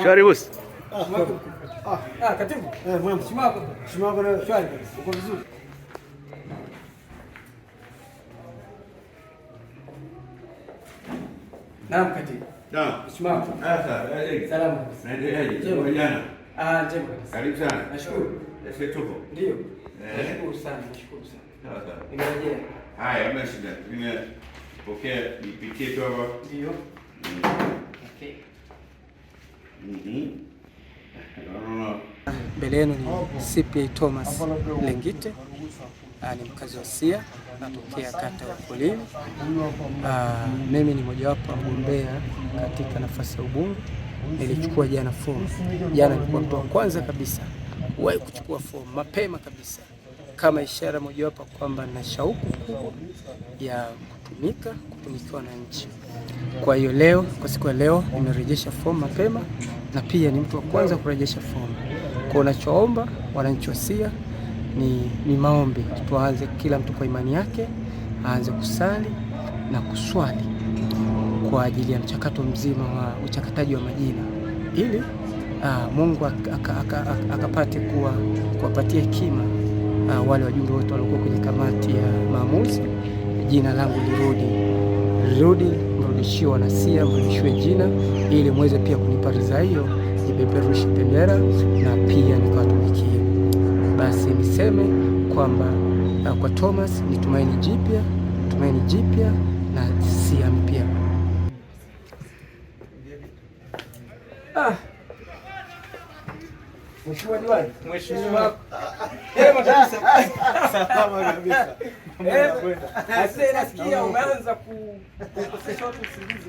Shwari bosi. Ah, ah, katibu. Eh, mwema. Shimako na shwari. Uko vizuri? Naam, katibu. Naam. Ah, sasa, eh, eh. salama. Naendeleaje? Eh, njema jana. Ah, njema kabisa. Karibu sana. Nashukuru. Sasa tupo. Ndio. Nashukuru sana, nashukuru sana. Sawa sawa. Nimerejea. Haya, hamna shida. Nimepokea nipitie tu hapa. Ndio. Okay. Mhm. Mbele yenu ni CPA Thomas Lengite Ah, ni mkazi wa Sia, natokea kata ya Ukulini. Ah, mimi ni mojawapo mgombea katika nafasi ya ubunge, nilichukua jana fomu. Jana nilikuwa mtu wa kwanza kabisa wahi kuchukua fomu mapema kabisa, kama ishara mojawapo kwamba na shauku kubwa ya kutumika, kutumikiwa na nchi. Kwa hiyo leo, kwa siku ya leo, nimerejesha fomu mapema na pia ni mtu wa kwanza kurejesha fomu. Kwa unachoomba wananchi wa Sia ni, ni maombi. Tuanze kila mtu kwa imani yake, aanze kusali na kuswali kwa ajili ya mchakato mzima wa uchakataji wa majina ili aa, ah, Mungu akapate kuwa kuwapatia hekima ah, wale wajumbe wote waliokuwa kwenye kamati ya maamuzi. Jina langu lirudi lirudi, mrudishiwe wanasia, mrudishiwe jina, ili mweze pia kunipa ridhaa hiyo, nipeperushe bendera na pia niseme kwamba uh, kwa Thomas ni tumaini jipya, tumaini jipya na sia mpya. Ah. Mheshimiwa, umeanza kukosesha watu usingizi.